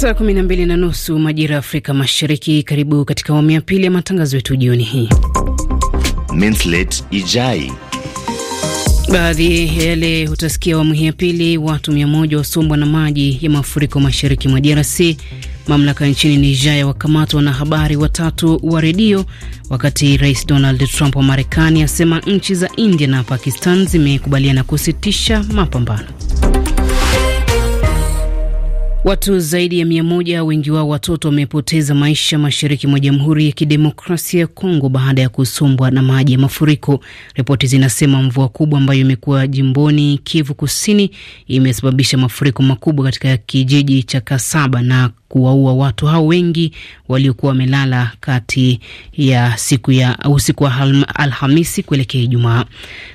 Saa kumi na mbili na nusu majira ya Afrika Mashariki. Karibu katika awamu ya pili ya matangazo yetu jioni hii. Mintlet Ijai. Baadhi ya yale hutasikia awamu hii ya pili: watu mia moja wasombwa na maji ya mafuriko mashariki mwa DRC. Mamlaka nchini Niger wakamata wanahabari watatu wa redio, wakati Rais Donald Trump wa Marekani asema nchi za India na Pakistan zimekubaliana kusitisha mapambano. Watu zaidi ya mia moja, wengi wao watoto, wamepoteza maisha mashariki mwa Jamhuri ya Kidemokrasia ya Kongo baada ya kusombwa na maji ya mafuriko. Ripoti zinasema mvua kubwa ambayo imekuwa jimboni Kivu Kusini imesababisha mafuriko makubwa katika kijiji cha Kasaba na kuwaua watu hao wengi waliokuwa wamelala kati ya siku ya usiku wa Alhamisi kuelekea Ijumaa.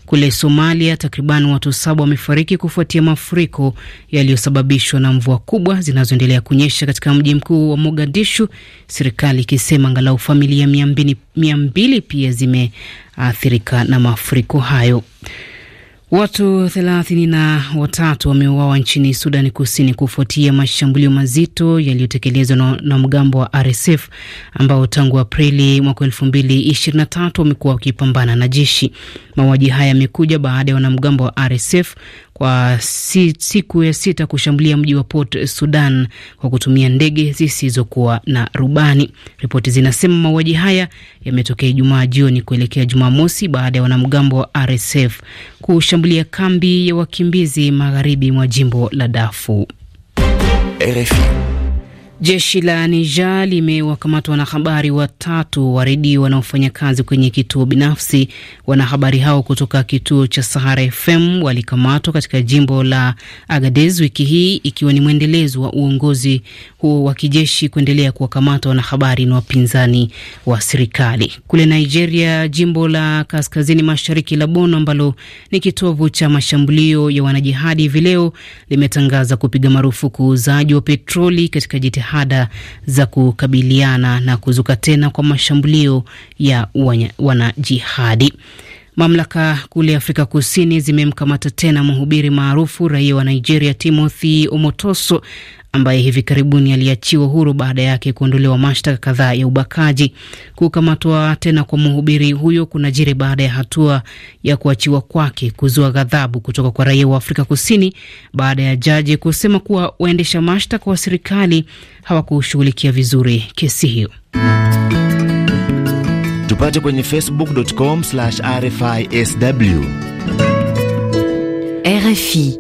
Kule Somalia, takriban watu saba wamefariki kufuatia mafuriko yaliyosababishwa na mvua kubwa zinazoendelea kunyesha katika mji mkuu wa Mogadishu, serikali ikisema angalau familia mia mbili pia zimeathirika na mafuriko hayo. Watu thelathini na watatu wameuawa nchini Sudani Kusini kufuatia mashambulio mazito yaliyotekelezwa na wanamgambo wa RSF ambao tangu Aprili mwaka elfu mbili ishirini na tatu wamekuwa wakipambana na jeshi. Mauaji haya yamekuja baada ya wanamgambo wa RSF kwa siku ya sita kushambulia mji wa Port Sudan kwa kutumia ndege zisizokuwa na rubani. Ripoti zinasema mauaji haya yametokea Ijumaa jioni kuelekea Jumamosi baada ya wanamgambo wa RSF kushambulia kambi ya wakimbizi magharibi mwa jimbo la Darfur. RFI Jeshi la Niger limewakamata wanahabari watatu wa redio wanaofanya kazi kwenye kituo binafsi. Wanahabari hao kutoka kituo cha Sahara FM walikamatwa katika jimbo la Agadez wiki hii, ikiwa ni mwendelezo wa uongozi huo wa kijeshi kuendelea kuwakamata wanahabari na wapinzani wa serikali. Kule Nigeria, jimbo la kaskazini mashariki la Bono ambalo ni kitovu cha mashambulio ya wanajihadi hivi leo limetangaza kupiga marufuku uuzaji wa petroli katika jitihada jitihada za kukabiliana na kuzuka tena kwa mashambulio ya wanajihadi. Mamlaka kule Afrika Kusini zimemkamata tena mhubiri maarufu raia wa Nigeria Timothy Omotoso ambaye hivi karibuni aliachiwa huru baada yake kuondolewa mashtaka kadhaa ya ubakaji. Kukamatwa tena kwa mhubiri huyo kunajiri baada ya hatua ya kuachiwa kwake kuzua ghadhabu kutoka kwa raia wa Afrika Kusini baada ya jaji kusema kuwa waendesha mashtaka wa serikali hawakushughulikia vizuri kesi hiyo. Tupate kwenye facebook.com rfisw. RFI.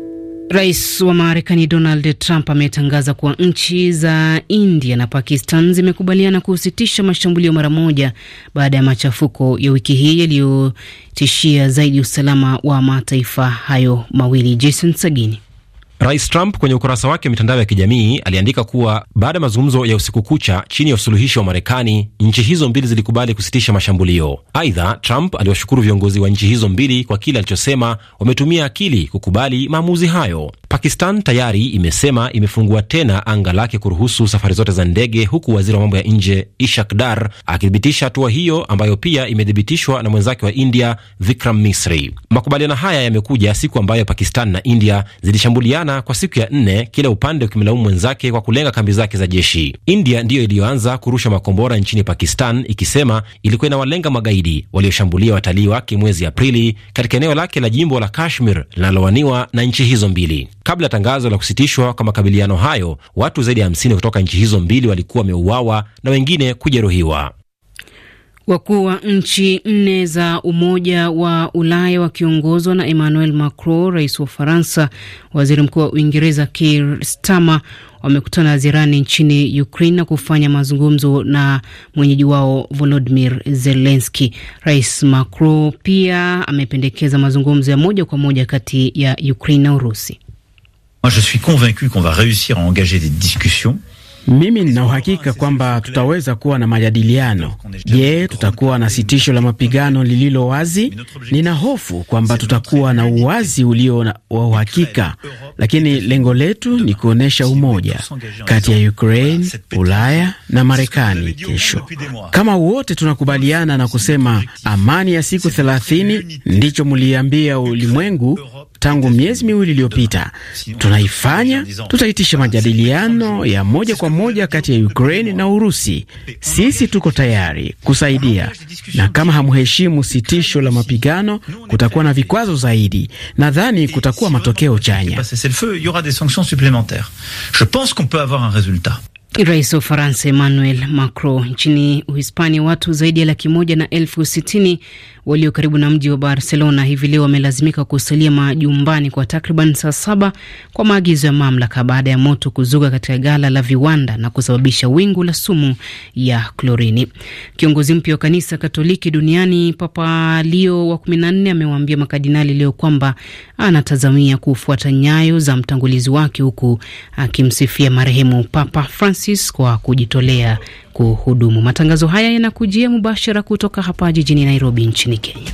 Rais wa Marekani Donald Trump ametangaza kuwa nchi za India na Pakistan zimekubaliana kusitisha mashambulio mara moja baada ya machafuko ya wiki hii yaliyotishia zaidi usalama wa mataifa hayo mawili. Jason Sagini. Rais Trump kwenye ukurasa wake wa mitandao ya kijamii aliandika kuwa baada ya mazungumzo ya usiku kucha chini ya usuluhishi wa Marekani, nchi hizo mbili zilikubali kusitisha mashambulio. Aidha, Trump aliwashukuru viongozi wa nchi hizo mbili kwa kile alichosema wametumia akili kukubali maamuzi hayo. Pakistan tayari imesema imefungua tena anga lake kuruhusu safari zote za ndege, huku waziri wa mambo ya nje Ishak Dar akithibitisha hatua hiyo ambayo pia imethibitishwa na mwenzake wa India Vikram Misri. Makubaliano haya yamekuja siku ambayo Pakistan na India zilishambuliana kwa siku ya nne, kila upande ukimlaumu mwenzake kwa kulenga kambi zake za jeshi. India ndiyo iliyoanza kurusha makombora nchini Pakistan ikisema ilikuwa inawalenga magaidi walioshambulia watalii wake mwezi Aprili katika eneo lake la jimbo la Kashmir linalowaniwa na nchi hizo mbili. Kabla ya tangazo la kusitishwa kwa makabiliano hayo, watu zaidi ya hamsini kutoka nchi hizo mbili walikuwa wameuawa na wengine kujeruhiwa. Wakuu wa nchi nne za Umoja wa Ulaya wakiongozwa na Emmanuel Macron, rais wa Ufaransa, waziri mkuu wa Uingereza Keir Starmer wamekutana zirani nchini Ukraine na kufanya mazungumzo na mwenyeji wao Volodimir Zelenski. Rais Macron pia amependekeza mazungumzo ya moja kwa moja kati ya Ukraine na Urusi. Moi, je suis convaincu qu'on va réussir à engager des discussions. Mimi nina uhakika kwamba tutaweza kuwa na majadiliano. Je, tutakuwa na sitisho la mapigano lililo wazi? Nina hofu kwamba tutakuwa na uwazi ulio wa uhakika, lakini lengo letu ni kuonyesha umoja kati ya Ukraine, Ulaya na Marekani kesho. Kama wote tunakubaliana na kusema amani ya siku thelathini, ndicho mliambia ulimwengu tangu miezi miwili iliyopita. Tunaifanya, tutaitisha majadiliano ya moja kwa moja kati ya Ukraine na Urusi. Sisi tuko tayari kusaidia, na kama hamheshimu sitisho la mapigano, kutakuwa na vikwazo zaidi. Nadhani kutakuwa matokeo chanya. Rais wa Ufaransa Emmanuel Macron. Nchini Uhispania, watu zaidi ya laki moja na elfu sitini walio karibu na mji wa Barcelona hivi leo wamelazimika kusalia majumbani kwa takriban saa saba kwa maagizo ya mamlaka baada ya moto kuzuka katika gala la viwanda na kusababisha wingu la sumu ya klorini. Kiongozi mpya wa kanisa Katoliki duniani Papa Leo wa kumi na nne amewaambia makardinali leo kwamba anatazamia kufuata nyayo za mtangulizi wake, huku akimsifia marehemu Papa Francis Francis kwa kujitolea kuhudumu. Matangazo haya yanakujia mubashara kutoka hapa jijini Nairobi nchini Kenya.